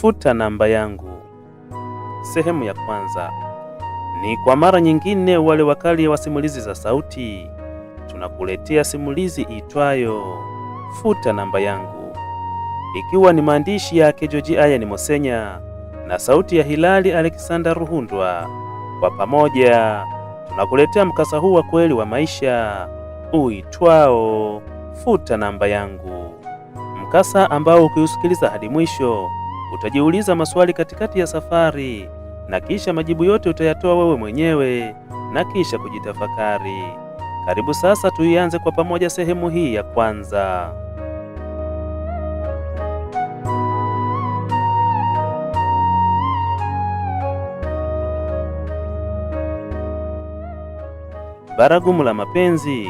Futa namba yangu. Sehemu ya kwanza. Ni kwa mara nyingine, wale wakali wa simulizi za sauti tunakuletea simulizi itwayo Futa namba yangu, ikiwa ni maandishi ya Kejoji Aya ni Mosenya na sauti ya Hilali Alexander Ruhundwa. Kwa pamoja tunakuletea mkasa huu wa kweli wa maisha uitwao Futa namba yangu, mkasa ambao ukiusikiliza hadi mwisho utajiuliza maswali katikati ya safari, na kisha majibu yote utayatoa wewe mwenyewe na kisha kujitafakari. Karibu sasa, tuianze kwa pamoja sehemu hii ya kwanza. Baragumu la mapenzi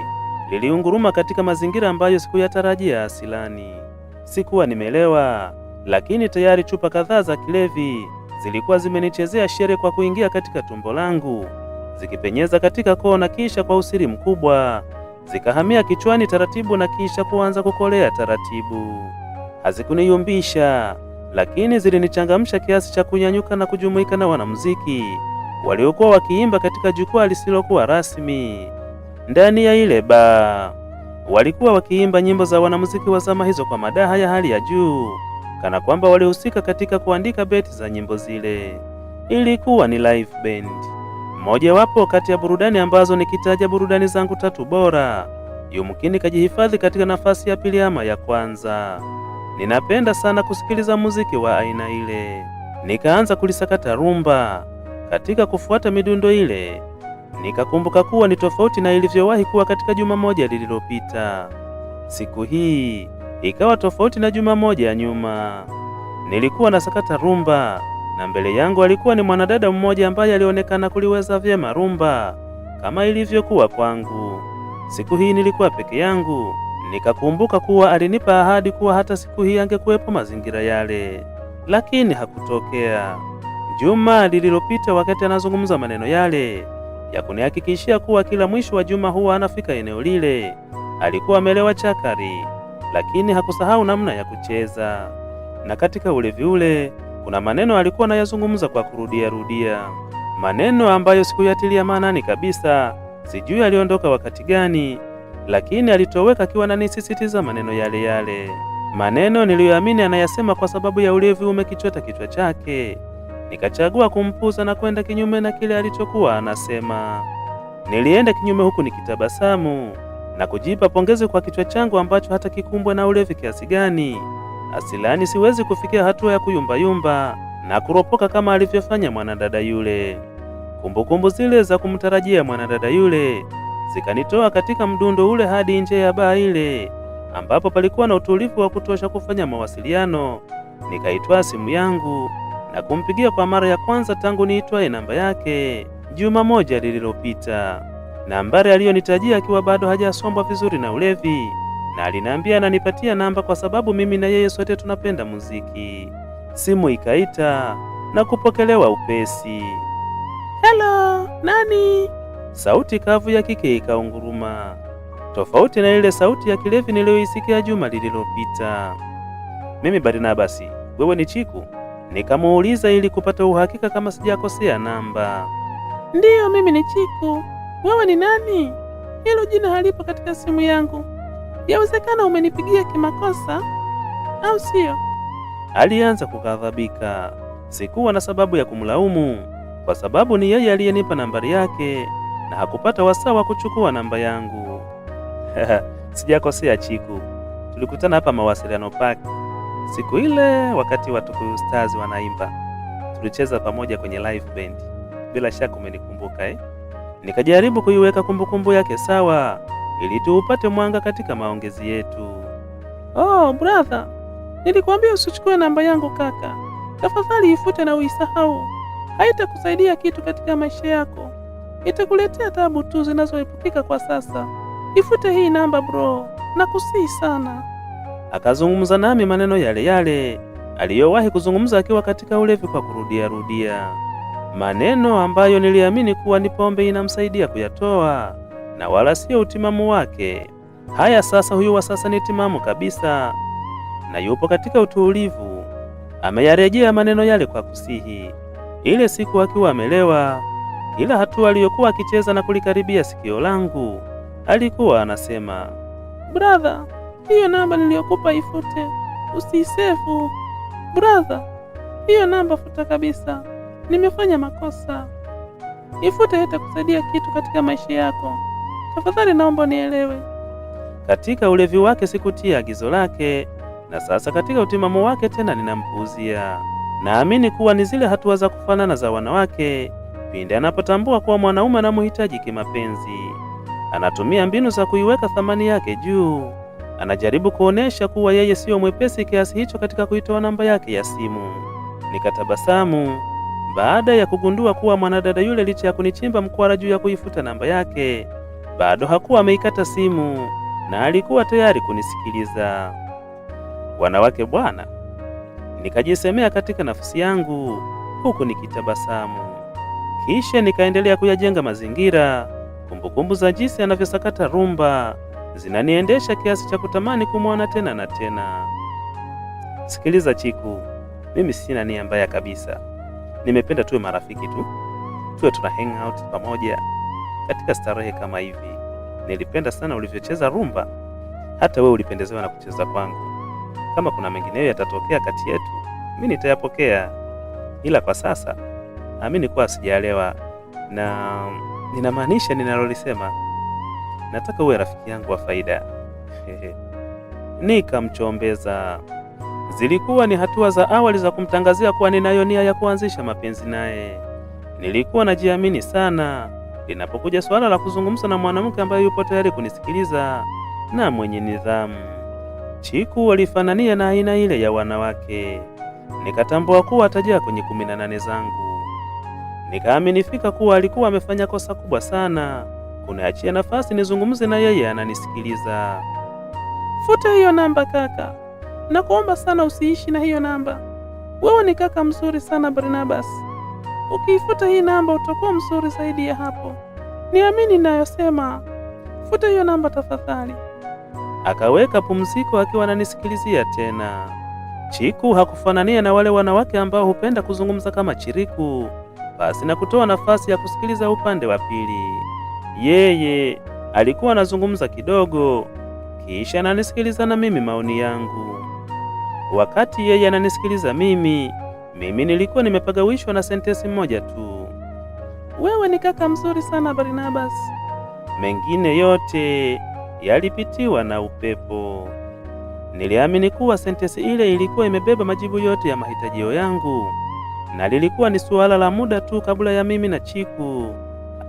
liliunguruma katika mazingira ambayo sikuyatarajia asilani. Sikuwa nimelewa lakini tayari chupa kadhaa za kilevi zilikuwa zimenichezea shere kwa kuingia katika tumbo langu, zikipenyeza katika koo na kisha kwa usiri mkubwa zikahamia kichwani taratibu na kisha kuanza kukolea taratibu. Hazikuniyumbisha, lakini zilinichangamsha kiasi cha kunyanyuka na kujumuika na wanamuziki waliokuwa wakiimba katika jukwaa lisilokuwa rasmi ndani ya ile baa. Walikuwa wakiimba nyimbo za wanamuziki wa zama hizo kwa madaha ya hali ya juu kana kwamba walihusika katika kuandika beti za nyimbo zile. Ilikuwa ni live band, mmojawapo kati ya burudani ambazo nikitaja burudani zangu tatu bora, yumkini kajihifadhi katika nafasi ya pili ama ya kwanza. Ninapenda sana kusikiliza muziki wa aina ile. Nikaanza kulisakata rumba. Katika kufuata midundo ile, nikakumbuka kuwa ni tofauti na ilivyowahi kuwa katika juma moja lililopita. Siku hii ikawa tofauti na juma moja ya nyuma. Nilikuwa na sakata rumba na mbele yangu alikuwa ni mwanadada mmoja ambaye alionekana kuliweza vyema rumba kama ilivyokuwa kwangu. Siku hii nilikuwa peke yangu, nikakumbuka kuwa alinipa ahadi kuwa hata siku hii angekuwepo mazingira yale, lakini hakutokea. Juma lililopita, wakati anazungumza maneno yale ya kunihakikishia kuwa kila mwisho wa juma huwa anafika eneo lile, alikuwa amelewa chakari lakini hakusahau namna ya kucheza, na katika ulevi ule kuna maneno alikuwa anayazungumza kwa kurudia rudia, maneno ambayo sikuyatilia maanani kabisa. Sijui aliondoka wakati gani, lakini alitoweka akiwa ananisisitiza maneno yale yale, maneno niliyoamini anayasema kwa sababu ya ulevi umekichota kichwa chake. Nikachagua kumpuza na kwenda kinyume na kile alichokuwa anasema. Nilienda kinyume huku nikitabasamu na kujipa pongezi kwa kichwa changu ambacho hata kikumbwa na ulevi kiasi gani. Asilani siwezi kufikia hatua ya kuyumbayumba na kuropoka kama alivyofanya mwanadada yule. Kumbukumbu zile za kumtarajia mwanadada yule zikanitoa katika mdundo ule hadi nje ya baa ile ambapo palikuwa na utulivu wa kutosha kufanya mawasiliano. Nikaitwaa simu yangu na kumpigia kwa mara ya kwanza tangu niitwaye namba yake juma moja lililopita nambari aliyonitajia akiwa bado hajasombwa vizuri na ulevi, na aliniambia ananipatia namba kwa sababu mimi na yeye sote tunapenda muziki. Simu ikaita na kupokelewa upesi. Helo, nani? Sauti kavu ya kike ikaunguruma, tofauti na ile sauti ya kilevi niliyoisikia juma lililopita. Mimi Barnabasi, wewe ni Chiku? Nikamuuliza ili kupata uhakika kama sijakosea namba. Ndiyo, mimi ni Chiku. Wewe ni nani? Hilo jina halipo katika simu yangu. Yawezekana umenipigia kimakosa, au siyo? Alianza kughadhabika. Sikuwa na sababu ya kumlaumu kwa sababu ni yeye aliyenipa nambari yake na hakupata wasaa wa kuchukua namba yangu. Sijakosea Chiku, tulikutana hapa Mawasiliano Park siku ile, wakati Watukuyu Stars wanaimba, tulicheza pamoja kwenye live band. Bila shaka umenikumbuka eh? nikajaribu kuiweka kumbukumbu yake sawa ili tuupate mwanga katika maongezi yetu. Oh brother, nilikwambia usichukue namba yangu kaka. Tafadhali ifute na uisahau, haitakusaidia kitu katika maisha yako, itakuletea tabu tu zinazoepukika kwa sasa. Ifute hii namba bro, nakusihi sana. Akazungumza nami maneno yale yale aliyowahi kuzungumza akiwa katika ulevi kwa kurudia rudia maneno ambayo niliamini kuwa ni pombe inamsaidia kuyatoa na wala sio utimamu wake. Haya sasa, huyu wa sasa ni timamu kabisa na yupo katika utulivu. Ameyarejea maneno yale kwa kusihi, ile siku akiwa amelewa. Kila hatua aliyokuwa akicheza na kulikaribia sikio langu, alikuwa anasema, brother, hiyo namba niliyokupa ifute, usisefu brother, hiyo namba futa kabisa. Nimefanya makosa. Ifute kusaidia kitu katika maisha yako. Tafadhali naomba nielewe Katika ulevi wake sikutia agizo lake, na sasa katika utimamo wake tena ninampuuzia. Naamini kuwa ni zile hatua za kufanana za wanawake. Pindi anapotambua kuwa mwanaume anamhitaji kimapenzi, anatumia mbinu za kuiweka thamani yake juu. Anajaribu kuonesha kuwa yeye siyo mwepesi kiasi hicho katika kuitoa namba yake ya simu. Nikatabasamu baada ya kugundua kuwa mwanadada yule licha ya kunichimba mkwara juu ya kuifuta namba yake bado hakuwa ameikata simu na alikuwa tayari kunisikiliza. Wanawake bwana, nikajisemea katika nafsi yangu huku nikitabasamu. Kisha nikaendelea kuyajenga mazingira. Kumbukumbu za jinsi anavyosakata rumba zinaniendesha kiasi cha kutamani kumwona tena na tena. Sikiliza Chiku, mimi sina nia mbaya kabisa nimependa tuwe marafiki tu, tuwe tuna hang out pamoja katika starehe kama hivi. Nilipenda sana ulivyocheza rumba, hata wewe ulipendezewa na kucheza kwangu. Kama kuna mengineyo yatatokea kati yetu, mi nitayapokea, ila kwa sasa naamini kuwa sijaelewa, na ninamaanisha ninalolisema. Nataka uwe rafiki yangu wa faida. Nikamchombeza. Zilikuwa ni hatua za awali za kumtangazia kuwa ninayo nia ya kuanzisha mapenzi naye. Nilikuwa najiamini sana linapokuja suala la kuzungumza na mwanamke ambaye yupo tayari kunisikiliza na mwenye nidhamu. Chiku walifanania na aina ile ya wanawake, nikatambua kuwa atajaa kwenye kumi na nane zangu. Nikaaminifika kuwa alikuwa amefanya kosa kubwa sana kuniachia nafasi nizungumze na yeye ananisikiliza. Futa hiyo namba kaka. Nakuomba sana usiishi na hiyo namba. Wewe ni kaka mzuri sana Barnabas. Ukiifuta hii namba utakuwa mzuri zaidi ya hapo. Niamini ninayosema. Futa hiyo namba tafadhali. Akaweka pumziko akiwa ananisikilizia tena. Chiku hakufanania na wale wanawake ambao hupenda kuzungumza kama chiriku, basi na kutoa nafasi ya kusikiliza upande wa pili. Yeye alikuwa anazungumza kidogo, kisha ananisikiliza na mimi maoni yangu. Wakati yeye ananisikiliza mimi, mimi nilikuwa nimepagawishwa na sentensi moja tu, wewe ni kaka mzuri sana Barnabas. Mengine yote yalipitiwa na upepo. Niliamini kuwa sentensi ile ilikuwa imebeba majibu yote ya mahitaji yangu, na lilikuwa ni suala la muda tu kabla ya mimi na Chiku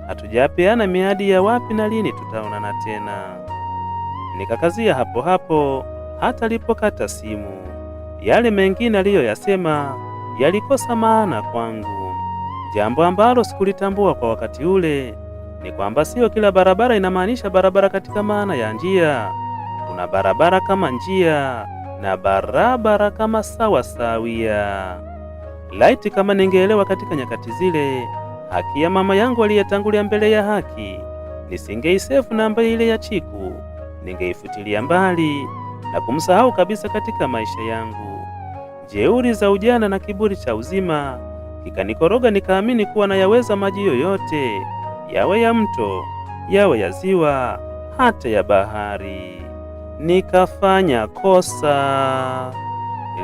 hatujapeana miadi ya wapi na lini tutaonana tena. Nikakazia hapo hapo hata lipokata simu. Yale mengine aliyoyasema yalikosa maana kwangu. Jambo ambalo sikulitambua kwa wakati ule ni kwamba siyo kila barabara inamaanisha barabara katika maana ya njia. Kuna barabara kama njia na barabara kama sawa sawia. Laiti kama ningeelewa katika nyakati zile haki ya mama yangu aliyetangulia mbele ya haki, nisingeisefu namba ile ya Chiku, ningeifutilia mbali na kumsahau kabisa katika maisha yangu jeuri za ujana na kiburi cha uzima kikanikoroga, nikaamini kuwa nayaweza maji yoyote, yawe ya mto, yawe ya ziwa, hata ya bahari. Nikafanya kosa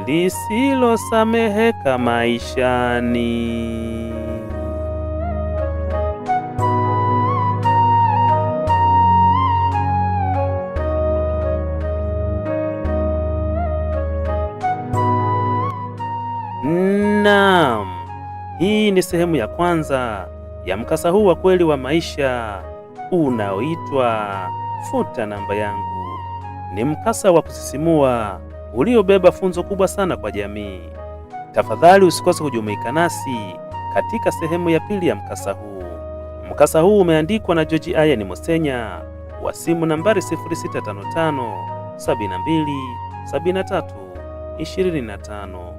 lisilosameheka maishani. Hii ni sehemu ya kwanza ya mkasa huu wa kweli wa maisha unaoitwa Futa Namba Yangu. Ni mkasa wa kusisimua uliobeba funzo kubwa sana kwa jamii. Tafadhali usikose kujumuika nasi katika sehemu ya pili ya mkasa huu. Mkasa huu umeandikwa na George Ian Mosenya wa simu nambari 0655 72 73 25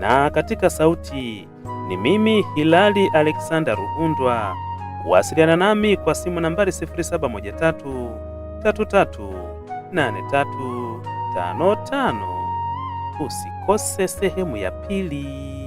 na katika sauti. Ni mimi Hilali Alexander Rugundwa. Wasiliana nami kwa simu nambari 0713 338355. Usikose sehemu ya pili.